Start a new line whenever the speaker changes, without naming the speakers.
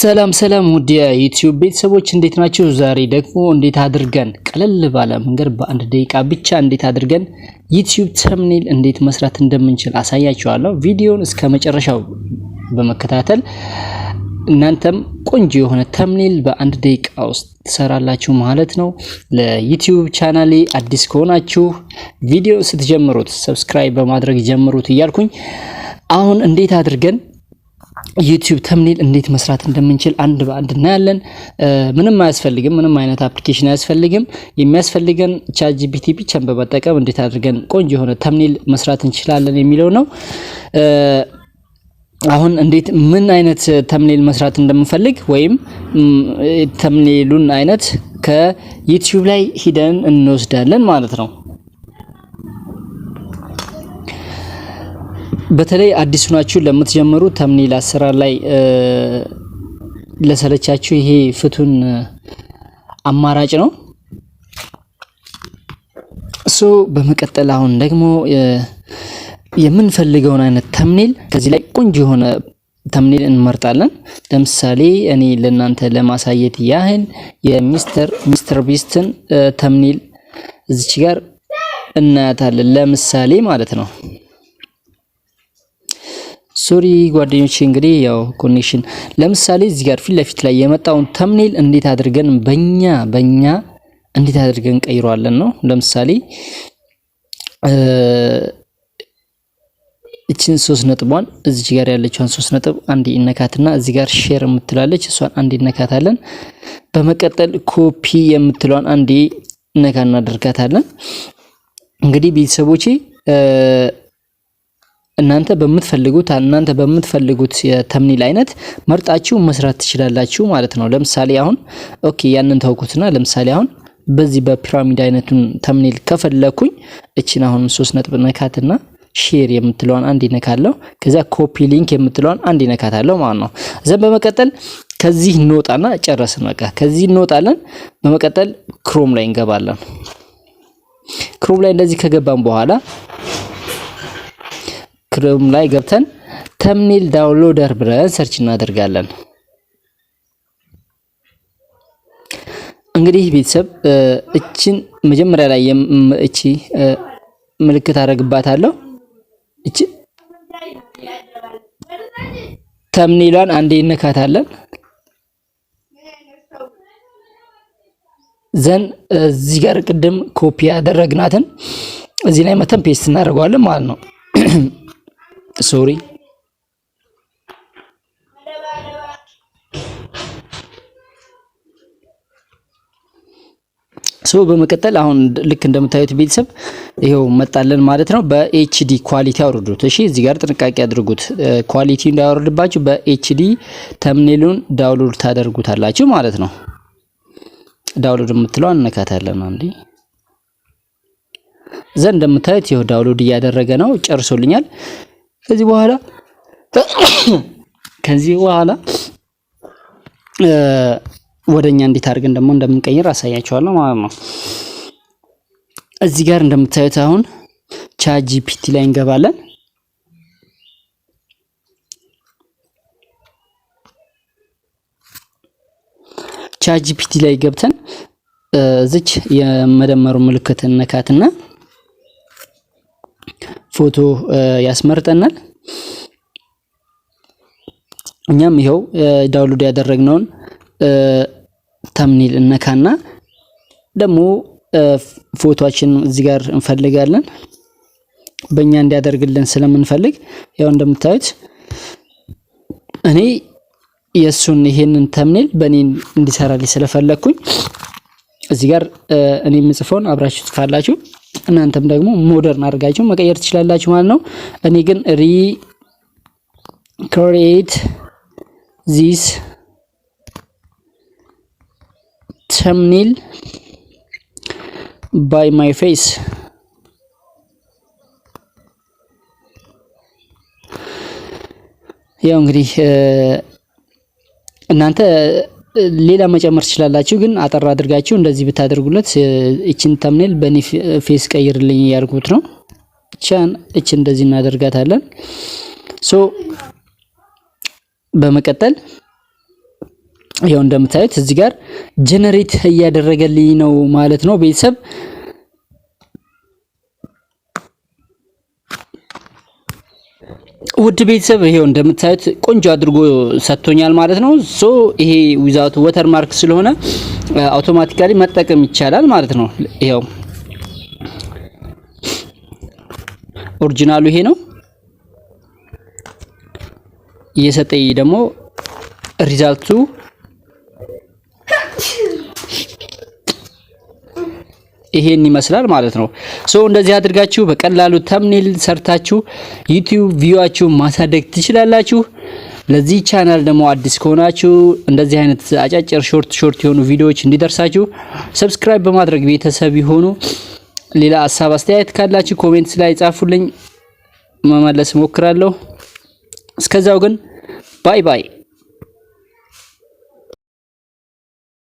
ሰላም ሰላም ውድ የዩትዩብ ቤተሰቦች እንዴት ናቸው? ዛሬ ደግሞ እንዴት አድርገን ቀለል ባለ መንገድ በአንድ ደቂቃ ብቻ እንዴት አድርገን ዩትዩብ ተምኔል እንዴት መስራት እንደምንችል አሳያችኋለሁ። ቪዲዮውን እስከ መጨረሻው በመከታተል እናንተም ቆንጆ የሆነ ተምኔል በአንድ ደቂቃ ውስጥ ትሰራላችሁ ማለት ነው። ለዩትዩብ ቻናሌ አዲስ ከሆናችሁ ቪዲዮ ስትጀምሩት ሰብስክራይብ በማድረግ ጀምሩት እያልኩኝ አሁን እንዴት አድርገን ዩቲዩብ ተምኔል እንዴት መስራት እንደምንችል አንድ በአንድ እናያለን። ምንም አያስፈልግም፣ ምንም አይነት አፕሊኬሽን አያስፈልግም። የሚያስፈልገን ቻት ጂፒቲ ብቻን በመጠቀም እንዴት አድርገን ቆንጆ የሆነ ተምኔል መስራት እንችላለን የሚለው ነው። አሁን እንዴት ምን አይነት ተምኔል መስራት እንደምንፈልግ ወይም ተምኔሉን አይነት ከዩቲዩብ ላይ ሂደን እንወስዳለን ማለት ነው። በተለይ አዲሱ ናችሁ ለምትጀምሩ ተምኒል አሰራር ላይ ለሰለቻችሁ ይሄ ፍቱን አማራጭ ነው። እሱ በመቀጠል አሁን ደግሞ የምንፈልገውን አይነት ተምኒል ከዚህ ላይ ቆንጆ የሆነ ተምኒል እንመርጣለን። ለምሳሌ እኔ ለእናንተ ለማሳየት ያህል የሚስተር ሚስተር ቢስትን ተምኒል እዚች ጋር እናያታለን። ለምሳሌ ማለት ነው ሶሪ ጓደኞቼ እንግዲህ ያው ኮኔክሽን ለምሳሌ እዚህ ጋር ፊት ለፊት ላይ የመጣውን ተምኔል እንዴት አድርገን በኛ በኛ እንዴት አድርገን ቀይረዋለን ነው። ለምሳሌ እችን ሶስት ነጥቧን እዚህ ጋር ያለችዋን ሶስት ነጥብ አንድ ይነካትና እዚህ ጋር ሼር የምትላለች እሷን አንድ ይነካታለን። በመቀጠል ኮፒ የምትለዋን አንድ ነካ እናደርጋታለን። እንግዲህ ቤተሰቦቼ እናንተ በምትፈልጉት እናንተ በምትፈልጉት የተምኒል አይነት መርጣችሁ መስራት ትችላላችሁ ማለት ነው። ለምሳሌ አሁን ኦኬ ያንን ተውኩትና ለምሳሌ አሁን በዚህ በፒራሚድ አይነቱን ተምኒል ከፈለኩኝ እችን አሁን ሶስት ነጥብ ነካትና ሼር የምትለዋን አንድ ይነካለሁ። ከዚያ ኮፒ ሊንክ የምትለዋን አንድ ይነካታለሁ ማለት ነው። እዚያም በመቀጠል ከዚህ እንወጣና ጨረስን። በቃ ከዚህ እንወጣለን። በመቀጠል ክሮም ላይ እንገባለን። ክሮም ላይ እንደዚህ ከገባን በኋላ ክሮም ላይ ገብተን ተምኒል ዳውንሎደር ብለን ሰርች እናደርጋለን። እንግዲህ ቤተሰብ እችን መጀመሪያ ላይ እቺ ምልክት አደርግባታለሁ። እቺ ተምኔሏን አንዴ እንካታለን። ዘን እዚህ ጋር ቅድም ኮፒ ያደረግናትን እዚህ ላይ መተን ፔስት እናደርገዋለን ማለት ነው። ሶሪ ሶ በመቀጠል አሁን ልክ እንደምታዩት ቤተሰብ ይሄው መጣለን ማለት ነው። በኤችዲ ኳሊቲ አውርዱት። እሺ እዚህ ጋር ጥንቃቄ አድርጉት። ኳሊቲ እንዳያወርድባችሁ በኤችዲ ተምኔሉን ዳውንሎድ ታደርጉታላችሁ ማለት ነው። ዳውንሎድ የምትለው እንነካታለን አንዴ። እዛ እንደምታዩት ይሄው ዳውንሎድ እያደረገ ነው። ጨርሶልኛል። ከዚህ በኋላ ከዚህ በኋላ ወደኛ እንዴት አድርገን ደግሞ እንደምንቀይር አሳያቸዋለሁ ማለት ነው። እዚህ ጋር እንደምታዩት አሁን ቻት ጂፒቲ ላይ እንገባለን። ቻት ጂፒቲ ላይ ገብተን እዚች የመደመሩ ምልክት እነካትና ፎቶ ያስመርጠናል። እኛም ይኸው ዳውንሎድ ያደረግነውን ተምኒል እነካና ደግሞ ፎቶችን እዚህ ጋር እንፈልጋለን። በእኛ እንዲያደርግልን ስለምንፈልግ ያው እንደምታዩት እኔ የእሱን ይሄንን ተምኔል በእኔ እንዲሰራልኝ ስለፈለግኩኝ እዚህ ጋር እኔ የምጽፈውን አብራችሁ ትጽፋላችሁ። እናንተም ደግሞ ሞደርን አድርጋችሁ መቀየር ትችላላችሁ ማለት ነው። እኔ ግን ሪ ክሬት ዚስ ተምኒል ባይ ማይ ፌስ ያው እንግዲህ እናንተ ሌላ መጨመር ትችላላችሁ፣ ግን አጠር አድርጋችሁ እንደዚህ ብታደርጉለት እችን ተምኔል በኔ ፌስ ቀይርልኝ ያልኩት ነው። ቻን እችን እንደዚህ እናደርጋታለን። ሶ በመቀጠል ይው እንደምታዩት እዚህ ጋር ጀነሬት እያደረገልኝ ነው ማለት ነው ቤተሰብ ውድ ቤተሰብ ይሄው እንደምታዩት ቆንጆ አድርጎ ሰጥቶኛል ማለት ነው። ሶ ይሄ ዊዛውት ወተር ማርክ ስለሆነ አውቶማቲካሊ መጠቀም ይቻላል ማለት ነው። ይሄው ኦሪጂናሉ ይሄ ነው። እየሰጠኝ ደግሞ ሪዛልቱ ይሄን ይመስላል ማለት ነው። ሶ እንደዚህ አድርጋችሁ በቀላሉ ተምኔል ሰርታችሁ ዩቲዩብ ቪዋችሁ ማሳደግ ትችላላችሁ። ለዚህ ቻናል ደግሞ አዲስ ከሆናችሁ እንደዚህ አይነት አጫጭር ሾርት ሾርት የሆኑ ቪዲዮዎች እንዲደርሳችሁ ሰብስክራይብ በማድረግ ቤተሰብ ይሆኑ። ሌላ ሀሳብ አስተያየት ካላችሁ ኮሜንት ላይ ጻፉልኝ፣ መመለስ ሞክራለሁ። እስከዛው ግን ባይ ባይ።